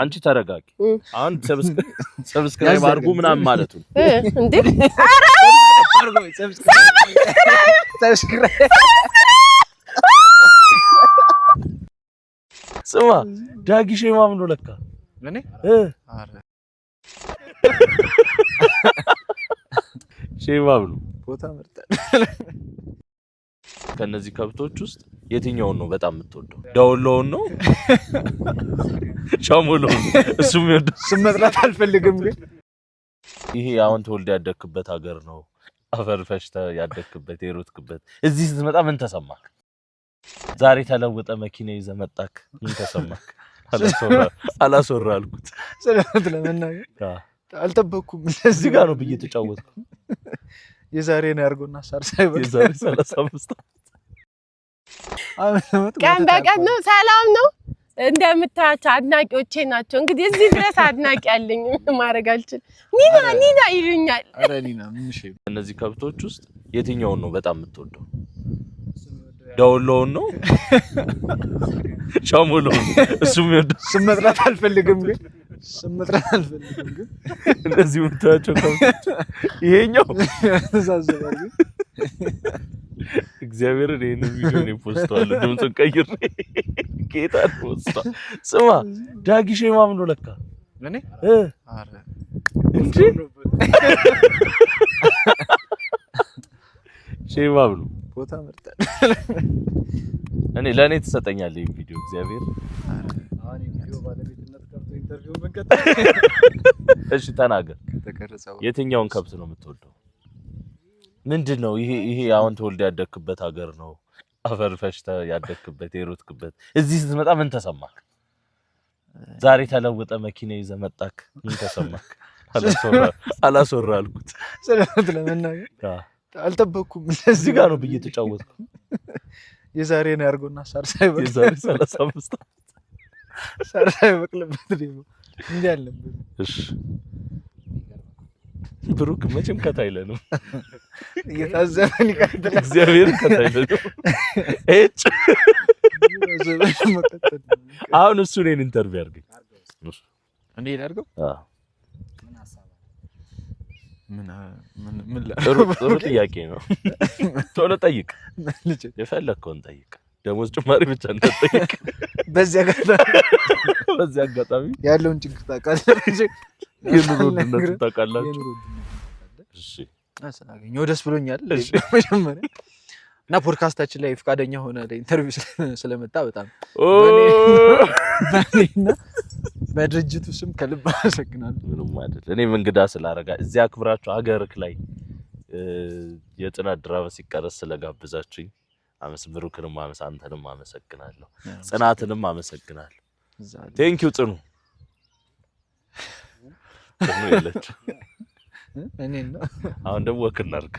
አንቺ ተረጋጊ። አንድ ሰብስክራይብ አድርጉ ምናምን ማለቱ እንዴ? ስማ ዳጊሽ ሼማም ነው ለካ። ሼማም ነው ቦታ መርጣለሁ ከነዚህ ከብቶች ውስጥ የትኛውን ነው በጣም የምትወደው? ደወሎውን ነው ሻሞሎውን? እሱም ይወደ አልፈልግም። ግን ይሄ አሁን ተወልደ ያደግክበት ሀገር ነው፣ አፈር ፈሽተ ያደግክበት የሮትክበት። እዚህ ስትመጣ ምን ተሰማክ? ዛሬ ተለወጠ መኪና ይዘህ መጣክ፣ ምን ተሰማክ? አላስወራ አልኩት። ስለት ለመናገር አልጠበኩም። እዚህ ጋር ነው ብዬ ተጫወትኩ። ነው ያርጎና ሳር ሳይበ የዛሬ ሰላሳ አምስት ቀን በቀን ነው። ሰላም ነው። እንደምታያቸው አድናቂዎቼ ናቸው። እንግዲህ እዚህ ድረስ አድናቂ አለኝ። ማድረግ አልችልም። ኒና ኒና ይሉኛል። እነዚህ ከብቶች ውስጥ የትኛውን ነው በጣም የምትወደው? ደውሎውን ነው ሻሙሎ? እሱ የሚወደው ስም መጥራት አልፈልግም ግን ስም መጥራት አልፈልግም ግን እነዚህ የምታያቸው ከብቶች ይሄኛው እግዚአብሔርን ይህንን ቪዲዮ ነው ፖስተዋለሁ። ድምፁን ቀይር ጌታ ፖስታ ስማ፣ ዳጊሽ ማም ነው ለካ እንጂ ሼማም ነው ቦታ መርጠን እኔ ለእኔ ትሰጠኛለ ይህ ቪዲዮ እግዚአብሔር እሺ፣ ተናገር። የትኛውን ከብት ነው የምትወደው? ምንድን ነው ይሄ? ይሄ አሁን ተወልደ ያደግክበት ሀገር ነው። አፈር ፈሽተህ ያደግክበት የሮትክበት። እዚህ ስትመጣ ምን ተሰማክ? ዛሬ ተለውጠ መኪና ይዘህ መጣክ። ምን ተሰማክ? አላስወራ አልኩት። ስለት ለመናገር አልጠበኩም። እዚህ ጋር ነው ብዬ ተጫወትኩ። የዛሬ ነው ያርጎና ሳር ሳይበቅልበት ነው። ብሩክ መቼም ከታይለ ነው እየታዘበን ይቀጥላል። እግዚአብሔር ከታይለ ነው። ጭ አሁን እሱ እኔን ኢንተርቪው አድርገኝ እንዴ አድርገው ጥሩ ጥያቄ ነው። ቶሎ ጠይቅ፣ የፈለግከውን ጠይቅ። ደሞዝ ጭማሪ ብቻ እንዳትጠይቅ። በዚህ አጋጣሚ ያለውን ችግር ታውቃለህ፣ የኑሮ ውድነቱን ታውቃላችሁ። ስላገኘሁ ደስ ብሎኛል መጀመሪያ እና ፖድካስታችን ላይ ፈቃደኛ ሆነ ኢንተርቪው ስለመጣ በጣም በድርጅቱ ስም ከልብ አመሰግናለሁ። ምንም አይደል። እኔም እንግዳ ስላረጋ እዚያ አክብራችሁ ሀገርክ ላይ የጽናት ድራማ ሲቀረጽ ስለጋብዛችሁኝ አመስምሩክንም አመስ አንተንም አመሰግናለሁ። ጽናትንም አመሰግናለሁ። ቴንኪው ጽኑ ጽኑ የለችም። አሁን ደግሞ ወክ እናድርግ።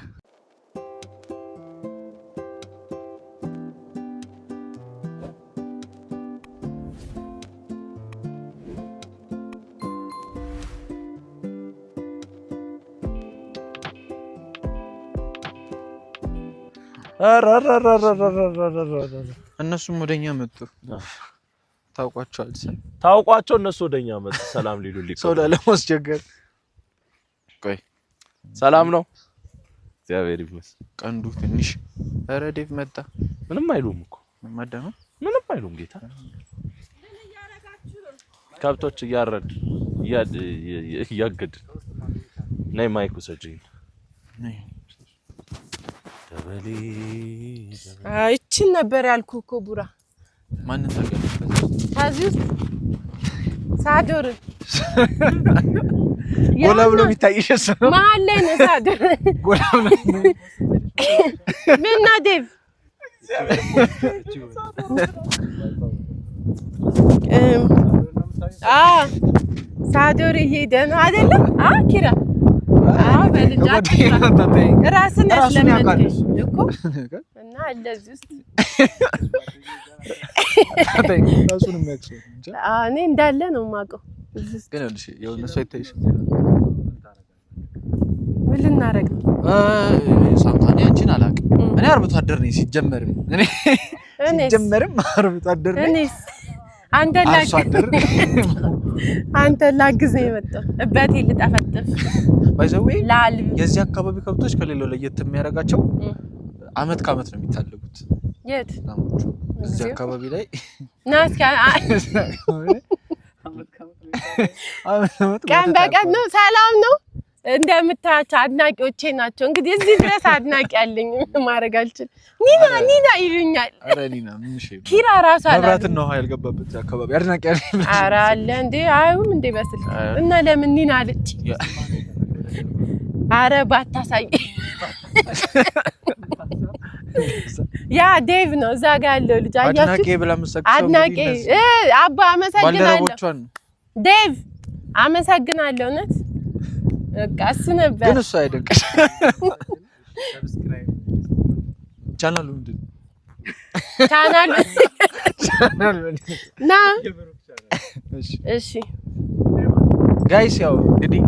እነሱም ወደኛ መጡ። ታውቋቸዋል ታውቋቸው እነሱ ወደኛ መጡ። ሰላም ሊሉ ሰው ላለማስቸገር ቆይ ሰላም ነው? እግዚአብሔር ይመስገን። ቀንዱ ትንሽ ኧረ ዴቭ መጣ። ምንም አይሉም እኮ ምንም አይሉም። ጌታ ከብቶች እያረድ እያገድ ነይ ማይኩ ሰጂኝ ደበሌ ይችን ነበር ያልኩ እኮ ቡራ ማንን ታገለበት ከዚህ ውስጥ ሳዶርን ጎላ ብሎ የሚታይሽ መሀል ላይ ነው። ምናዴቭ ሳዶርዬ ደህና አይደለም ኪራ ራስን ያስለመድሽ እኮ እና እንደዚህ ውስጥ እኔ እንዳለ ነው የማውቀው። ግን ልሽ የሆነ ሰው ምን ልናደርግ አንቺን አላውቅም። እኔ አርብቶ አደር ነኝ ሲጀመርም እኔ ሲጀመርም አርብቶ አደር ነኝ። ላግዝ ነው የመጣው። እበቴ ልጠፈጥፍ ባይዘዌ የዚህ አካባቢ ከብቶች ከሌላው ለየት የሚያደርጋቸው አመት ከአመት ነው የሚታለጉት። የት እዚህ አካባቢ ላይ ቀን በቀን ነው። ሰላም ነው። እንደምታያቸው አድናቂዎቼ ናቸው። እንግዲህ እዚህ ድረስ አድናቂ አለኝ። ማድረግ አልችልም። ኒና ኒና ይሉኛል። ኪራ ራሱ መብራትና ውሃ ያልገባበት አካባቢ አድናቂ ኧረ አለ እንዴ? አዩም እንዴ በስልክ እና ለምን ኒና አለች? አረ ባታሳይ ያ ዴቭ ነው እዛ ጋ ያለው ልጅ አድናቂ አድናቂ አባ አመሰግናለሁ ዴቭ አመሰግናለሁ። እውነት በቃ እሱ ነበር። ግን እሱ አይደንቅሽ ቻናሉ ምንድን ነው? ቻናሉ ና እሺ፣ ጋይስ ያው እንግዲህ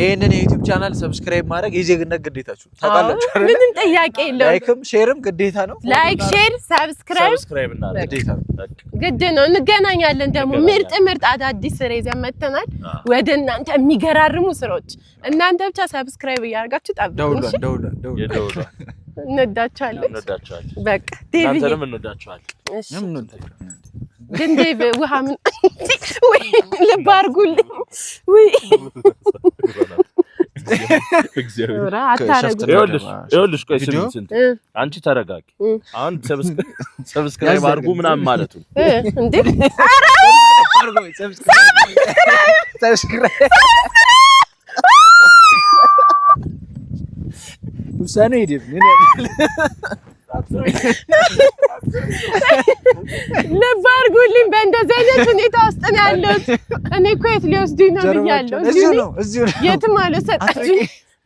ይህንን የዩቲዩብ ቻናል ሰብስክራይብ ማድረግ የዜግነት ግዴታችሁ ታውቃላችሁ። ምንም ጥያቄ የለውም። ላይክም ሼርም ግዴታ ነው። ላይክ ሼር፣ ሰብስክራይብ ግዴታ ነው፣ ግድ ነው። እንገናኛለን ደግሞ ምርጥ ምርጥ አዳዲስ ስራ ይዘን መጥተናል ወደ እናንተ የሚገራርሙ ስራዎች። እናንተ ብቻ ሰብስክራይብ እያደረጋችሁ ጠብቁን። እንወዳችኋለን። በቃ ዴቪዬ እንወዳችኋለን። ግን ዴቭ ውሃ ምን ልብ አድርጉልኝ። ይኸውልሽ ቆይ ስሚኝ፣ ስንት አንቺ ተረጋጊ። አሁን ሰብስክራይብ አድርጉ ምናምን ማለቱ እንዴ? ውሳኔ ልብ አድርጉልኝ። በእንደዚህ አይነት ሁኔታ ውስጥ ነው ያለሁት እኔ እኮ የት ሊወስዱኝ ነው ብያለሁ። የትም አልወሰዳችሁኝ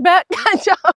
በቃ።